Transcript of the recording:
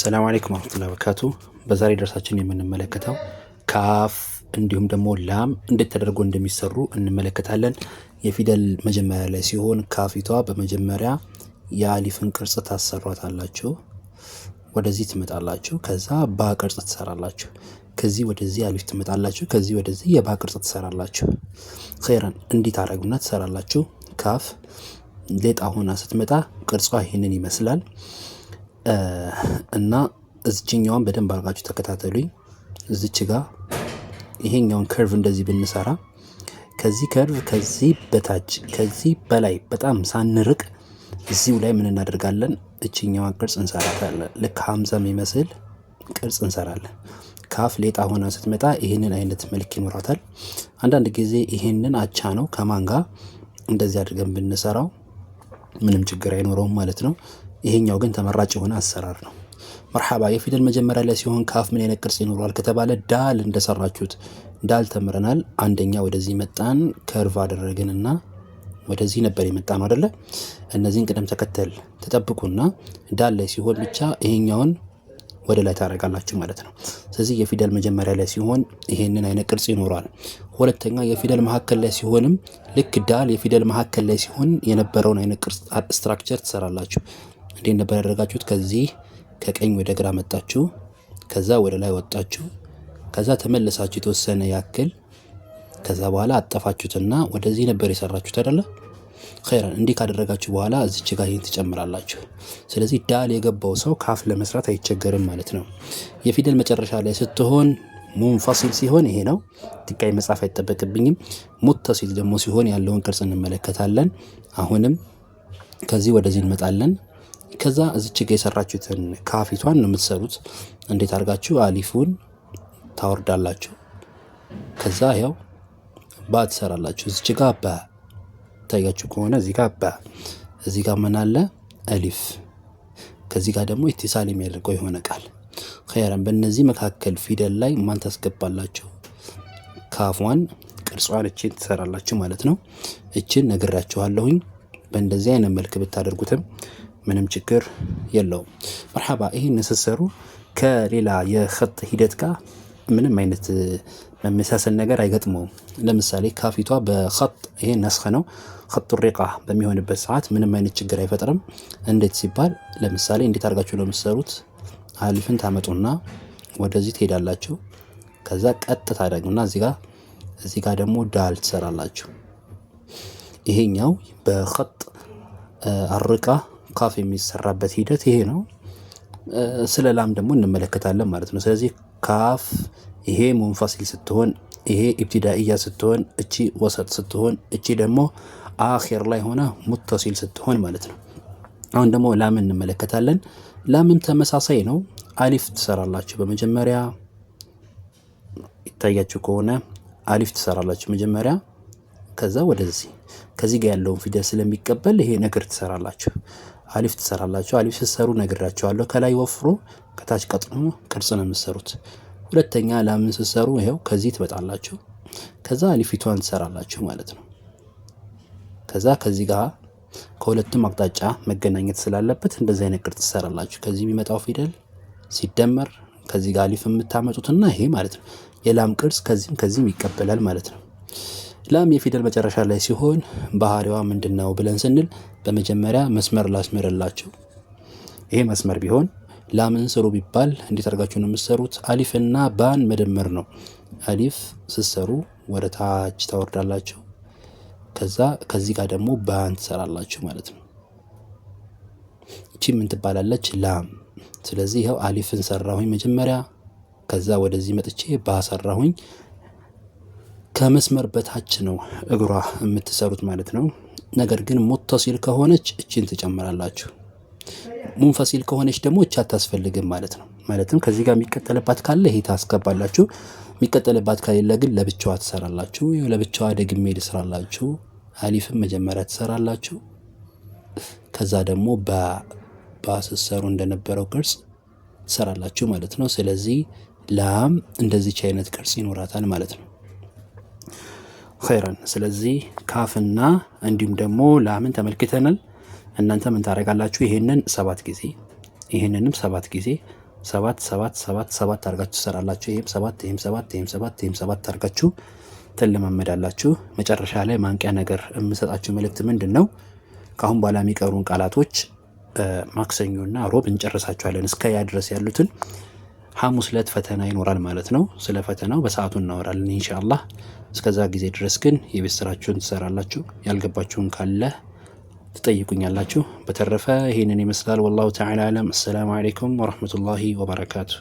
ሰላም አለይኩም ወረህመቱላሂ ወበረካቱ። በዛሬ ደርሳችን የምንመለከተው ካፍ እንዲሁም ደግሞ ላም እንዴት ተደርጎ እንደሚሰሩ እንመለከታለን። የፊደል መጀመሪያ ላይ ሲሆን ካፊቷ በመጀመሪያ የአሊፍን ቅርጽ ታሰሯታላችሁ፣ ወደዚህ ትመጣላችሁ። ከዛ ባ ቅርጽ ትሰራላችሁ። ከዚህ ወደዚህ አሊፍ ትመጣላችሁ። ከዚህ ወደዚህ የባ ቅርጽ ትሰራላችሁ። ኸይረን እንዲት ታረጉና ትሰራላችሁ። ካፍ ሌጣ ሆና ስትመጣ ቅርጿ ይህንን ይመስላል። እና እዝችኛዋን በደንብ አድርጋችሁ ተከታተሉኝ። እዝች ጋ ይሄኛውን ከርቭ እንደዚህ ብንሰራ ከዚህ ከርቭ ከዚህ በታች ከዚህ በላይ በጣም ሳንርቅ እዚሁ ላይ ምን እናደርጋለን? እችኛዋን ቅርጽ እንሰራታለን። ልክ ሀምዛ የሚመስል ቅርጽ እንሰራለን። ካፍ ሌጣ ሆና ስትመጣ ይህንን አይነት መልክ ይኖራታል። አንዳንድ ጊዜ ይህንን አቻ ነው ከማን ጋር እንደዚህ አድርገን ብንሰራው ምንም ችግር አይኖረውም ማለት ነው። ይሄኛው ግን ተመራጭ የሆነ አሰራር ነው። መርሓባ የፊደል መጀመሪያ ላይ ሲሆን ካፍ ምን አይነት ቅርጽ ይኖረዋል ከተባለ ዳል እንደሰራችሁት ዳል ተምረናል። አንደኛ ወደዚህ መጣን፣ ከርቭ አደረግንና ወደዚህ ነበር የመጣ ነው አደለ? እነዚህን ቅደም ተከተል ተጠብቁና ዳል ላይ ሲሆን ብቻ ይሄኛውን ወደ ላይ ታደርጋላችሁ ማለት ነው። ስለዚህ የፊደል መጀመሪያ ላይ ሲሆን ይሄንን አይነት ቅርጽ ይኖረዋል። ሁለተኛ የፊደል መካከል ላይ ሲሆንም ልክ ዳል የፊደል መካከል ላይ ሲሆን የነበረውን አይነት ቅርጽ ስትራክቸር ትሰራላችሁ። እንዴት ነበር ያደረጋችሁት? ከዚህ ከቀኝ ወደ ግራ መጣችሁ፣ ከዛ ወደ ላይ ወጣችሁ፣ ከዛ ተመለሳችሁ የተወሰነ ያክል፣ ከዛ በኋላ አጠፋችሁትና ወደዚህ ነበር የሰራችሁት አይደለ? ኸይረን እንዲህ ካደረጋችሁ በኋላ እዚች ጋር ይህን ትጨምራላችሁ። ስለዚህ ዳል የገባው ሰው ካፍ ለመስራት አይቸገርም ማለት ነው። የፊደል መጨረሻ ላይ ስትሆን ሙንፋሲል ሲሆን ይሄ ነው፣ ድጋሚ መጻፍ አይጠበቅብኝም። ሙተሲል ደግሞ ሲሆን ያለውን ቅርጽ እንመለከታለን። አሁንም ከዚህ ወደዚህ እንመጣለን። ከዛ እዚች ጋ የሰራችሁትን ካፊቷን ነው የምትሰሩት። እንዴት አድርጋችሁ አሊፉን ታወርዳላችሁ። ከዛ ያው ባ ትሰራላችሁ። እዚች ጋ በ ታያችሁ ከሆነ እዚ ጋ በ እዚ ጋ ምን አለ አሊፍ። ከዚ ጋ ደግሞ ኢትሳል የሚያደርገው የሆነ ቃል ኸይረን። በእነዚህ መካከል ፊደል ላይ ማን ታስገባላችሁ? ካፏን ቅርጿን እችን ትሰራላችሁ ማለት ነው። እችን ነግራችኋለሁኝ። በእንደዚህ አይነት መልክ ብታደርጉትም ምንም ችግር የለውም። መርሓባ ይሄ ስትሰሩ ከሌላ የኸጥ ሂደት ጋር ምንም አይነት መመሳሰል ነገር አይገጥመውም። ለምሳሌ ካፊቷ በኸጥ ይሄ ነስኸ ነው። ኸጡ ሪቃ በሚሆንበት ሰዓት ምንም አይነት ችግር አይፈጥርም። እንዴት ሲባል ለምሳሌ እንዴት አድርጋችሁ ለምሰሩት አሊፍን ታመጡና ወደዚህ ትሄዳላችሁ። ከዛ ቀጥ ደግና እዚህ ጋር ደግሞ ዳል ትሰራላችሁ። ይሄኛው በኸጥ አርቃ ካፍ የሚሰራበት ሂደት ይሄ ነው። ስለ ላም ደግሞ እንመለከታለን ማለት ነው። ስለዚህ ካፍ ይሄ ሙንፋሲል ስትሆን፣ ይሄ ኢብትዳኢያ ስትሆን፣ እቺ ወሰጥ ስትሆን፣ እቺ ደግሞ አኼር ላይ ሆነ ሙተሲል ስትሆን ማለት ነው። አሁን ደግሞ ላምን እንመለከታለን። ላምም ተመሳሳይ ነው። አሊፍ ትሰራላችሁ በመጀመሪያ ይታያችሁ ከሆነ አሊፍ ትሰራላችሁ መጀመሪያ፣ ከዛ ወደዚህ ከዚህ ጋር ያለውን ፊደል ስለሚቀበል ይሄ ነገር ትሰራላችሁ። አሊፍ ትሰራላችሁ። አሊፍ ስትሰሩ ነግራችኋለሁ። ከላይ ወፍሮ ከታች ቀጥኖ ቅርጽ ነው የምትሰሩት። ሁለተኛ ላምን ስትሰሩ ይኸው ከዚህ ትበጣላችሁ። ከዛ አሊፊቷን ትሰራላችሁ ማለት ነው። ከዛ ከዚህ ጋር ከሁለቱም አቅጣጫ መገናኘት ስላለበት እንደዚህ አይነት ቅርጽ ትሰራላችሁ። ከዚህ የሚመጣው ፊደል ሲደመር ከዚህ ጋር አሊፍ የምታመጡትና ይሄ ማለት ነው የላም ቅርጽ ከዚህም ከዚህም ይቀበላል ማለት ነው። ላም የፊደል መጨረሻ ላይ ሲሆን ባህሪዋ ምንድን ነው ብለን ስንል በመጀመሪያ መስመር ላስምርላችሁ። ይሄ መስመር ቢሆን ላምን ስሩ ቢባል እንዴት አድርጋችሁ ነው የምትሰሩት? አሊፍ እና ባን መደመር ነው። አሊፍ ስትሰሩ ወደ ታች ታወርዳላችሁ። ከዛ ከዚህ ጋር ደግሞ ባን ትሰራላችሁ ማለት ነው። እቺ ምን ትባላለች? ላም። ስለዚህ ይኸው አሊፍን ሰራሁኝ መጀመሪያ፣ ከዛ ወደዚህ መጥቼ ባሰራሁኝ ከመስመር በታች ነው እግሯ የምትሰሩት ማለት ነው። ነገር ግን ሙተሲል ከሆነች እችን ትጨምራላችሁ። ሙንፈሲል ከሆነች ደግሞ እች አታስፈልግም ማለት ነው። ማለትም ከዚህ ጋር የሚቀጠልባት ካለ ይሄ ታስገባላችሁ። የሚቀጠልባት ከሌለ ግን ለብቻዋ ትሰራላችሁ። ለብቻዋ ደግሜ ትሰራላችሁ። አሊፍም መጀመሪያ ትሰራላችሁ። ከዛ ደግሞ በስሰሩ እንደነበረው ቅርጽ ትሰራላችሁ ማለት ነው። ስለዚህ ላም እንደዚች አይነት ቅርጽ ይኖራታል ማለት ነው። ኸይረን። ስለዚህ ካፍና እንዲሁም ደግሞ ላምን ተመልክተናል። እናንተ ምን ታደርጋላችሁ? ይህንን ሰባት ጊዜ ይህንንም ሰባት ጊዜ ሰባት ሰባት ሰባት ሰባት አርጋችሁ ትሰራላችሁ። ይህም ሰባት ይህም ሰባት ይህም ሰባት ይህም ሰባት አርጋችሁ ትለማመዳላችሁ። መጨረሻ ላይ ማንቂያ ነገር የምሰጣችሁ መልእክት ምንድን ነው? ከአሁን በኋላ የሚቀሩን ቃላቶች ማክሰኞና ሮብ እንጨርሳችኋለን። እስከ ያ ድረስ ያሉትን ሐሙስ ዕለት ፈተና ይኖራል ማለት ነው። ስለ ፈተናው በሰዓቱ እናወራለን ኢንሻአላህ። እስከዛ ጊዜ ድረስ ግን የቤት ስራችሁን ትሰራላችሁ፣ ያልገባችሁን ካለ ትጠይቁኛላችሁ። በተረፈ ይህንን ይመስላል። ወላሁ ተዓላ አለም። አሰላሙ አለይኩም ወረህመቱላሂ ወበረካቱሁ።